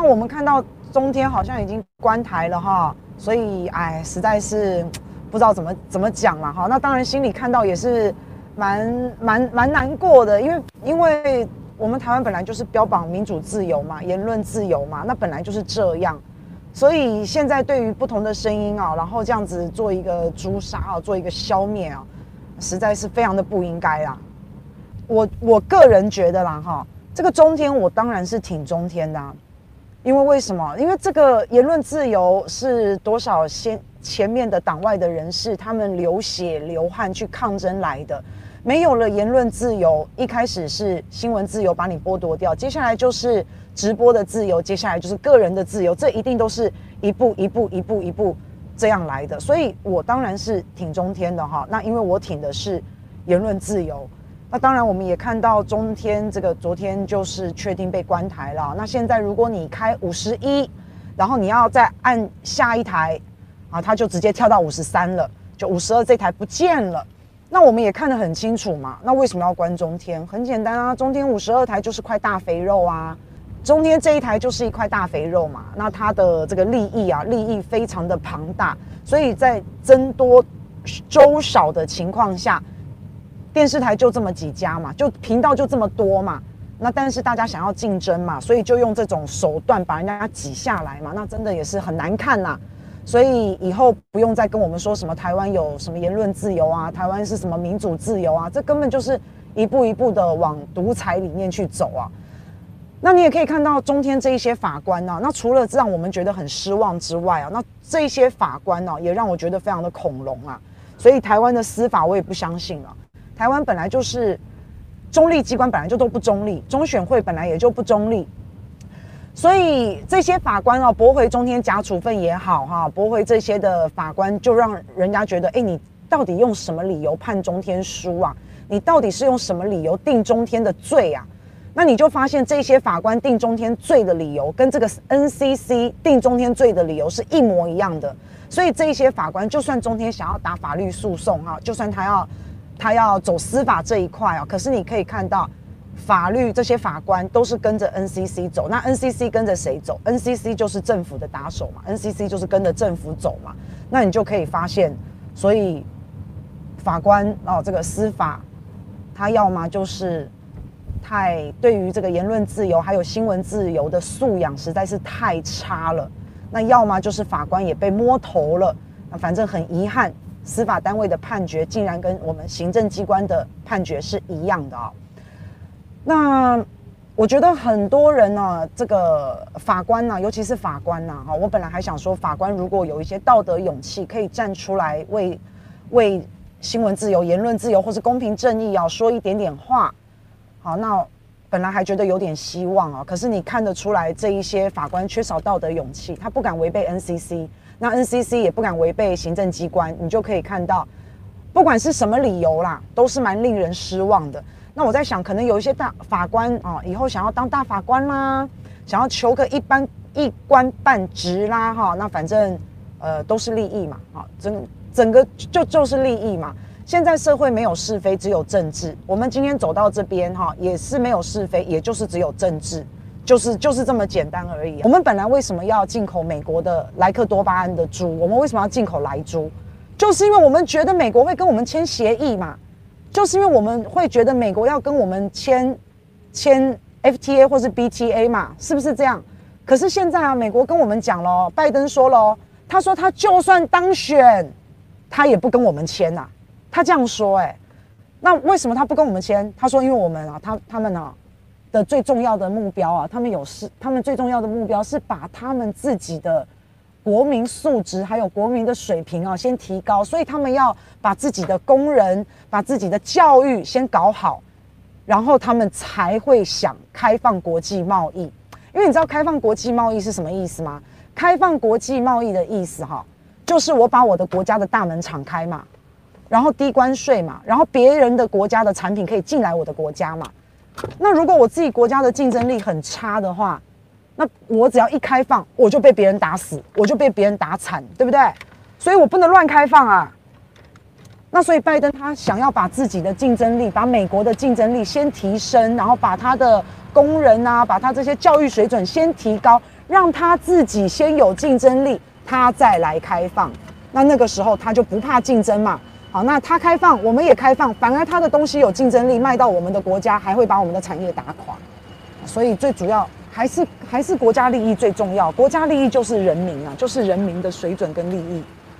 那我們看到中天好像已經關台了哈，所以哎，實在是不知道怎麼怎麼講了哈。那當然心裡看到也是蠻蠻蠻難過的，因為因為我們台灣本來就是標榜民主自由嘛，言論自由嘛，那本來就是這樣。所以現在對於不同的聲音啊，然後這樣子做一個誅殺啊，做一個消滅啊，實在是非常的不應該啦。我我個人覺得啦哈，這個中天我當然是挺中天的啊。因為為什麼？因為這個言論自由是多少先前面的黨外的人士他們流血流汗去抗爭來的，沒有了言論自由，一開始是新聞自由把你剝奪掉，接下來就是直播的自由，接下來就是個人的自由，這一定都是一步一步一步一步這樣來的。所以，我當然是挺中天的哈。那因為我挺的是言論自由。那當然，我們也看到中天這個昨天就是確定被關台了啊。那現在如果你開五十一，然後你要再按下一台啊，它就直接跳到五十三了，就五十二這台不見了。那我們也看得很清楚嘛。那為什麼要關中天？很簡單啊，中天五十二台就是塊大肥肉啊，中天這一台就是一塊大肥肉嘛。那它的這個利益啊，利益非常的龐大，所以在僧多粥少的情況下，電視台就這麼幾家嘛，就頻道就這麼多嘛。那但是大家想要競爭嘛，所以就用這種手段把人家擠下來嘛。那真的也是很難看啦。所以以後不用再跟我們說什麼台灣有什麼言論自由啊，台灣是什麼民主自由啊，這根本就是一步一步的往獨裁裡面去走啊。那你也可以看到中天這一些法官啊，那除了讓我們覺得很失望之外啊，那這一些法官啊，也讓我覺得非常的恐龍啊。所以台灣的司法我也不相信了。台灣本來就是中立機關，本來就都不中立，中選會本來也就不中立，所以這些法官啊，駁回中天假處分也好哈、啊，駁回這些的法官就讓人家覺得，誒、欸，你到底用什麼理由判中天輸啊？你到底是用什麼理由定中天的罪啊？那你就發現這些法官定中天罪的理由跟這個 NCC 定中天罪的理由是一模一樣的，所以這些法官就算中天想要打法律訴訟哈，就算他要。他要走司法這一塊啊，可是你可以看到，法律這些法官都是跟着 NCC 走，那 NCC 跟着誰走？NCC 就是政府的打手嘛，NCC 就是跟着政府走嘛。那你就可以發現，所以法官哦，這個司法他要麼就是太對於這個言論自由還有新聞自由的素養實在是太差了，那要麼就是法官也被摸頭了，那反正很遺憾。司法單位的判決竟然跟我們行政機關的判決是一樣的啊！那我覺得很多人呢，這個法官呢，尤其是法官呢，哈，我本來還想說法官如果有一些道德勇氣，可以站出來為為新聞自由、言論自由或是公平正義要說一點點話，好，那本來還覺得有點希望啊，可是你看得出來，這一些法官缺少道德勇氣，他不敢違背 NCC。那 NCC 也不敢違背行政機關，你就可以看到，不管是什麼理由啦，都是蠻令人失望的。那我在想，可能有一些大法官啊，以後想要當大法官啦，想要求個一般一官半職啦，哈，那反正呃都是利益嘛，哈，整整個就就是利益嘛。現在社會沒有是非，只有政治。我們今天走到這邊哈，也是沒有是非，也就是只有政治。就是就是這麼簡單而已啊。我們本來為什麼要進口美國的萊克多巴胺的豬？我們為什麼要進口萊豬？就是因為我們覺得美國會跟我們簽協議嘛，就是因為我們會覺得美國要跟我們簽簽 FTA 或是 BTA 嘛，是不是這樣？可是現在啊，美國跟我們講咯，拜登說了，他說他就算當選，他也不跟我們簽吶啊。他這樣說欸，哎，那為什麼他不跟我們簽？他說因為我們啊，他他們呢啊？的最重要的目標啊，他們有是，他們最重要的目標是把他們自己的國民素質還有國民的水平啊先提高，所以他們要把自己的工人把自己的教育先搞好，然後他們才會想開放國際貿易。因為你知道開放國際貿易是什麼意思嗎？開放國際貿易的意思哈，就是我把我的國家的大門敞開嘛，然後低關稅嘛，然後別人的國家的產品可以進來我的國家嘛。那如果我自己國家的競爭力很差的話，那我只要一開放，我就被別人打死，我就被別人打慘，對不對？所以我不能亂開放啊。那所以拜登他想要把自己的競爭力，把美國的競爭力先提升，然後把他的工人啊，把他這些教育水準先提高，讓他自己先有競爭力，他再來開放。那那個時候他就不怕競爭嘛。好，那他開放，我們也開放，反而他的東西有競爭力，賣到我們的國家，還會把我們的產業打垮。所以最主要還是還是國家利益最重要，國家利益就是人民啊，就是人民的水準跟利益。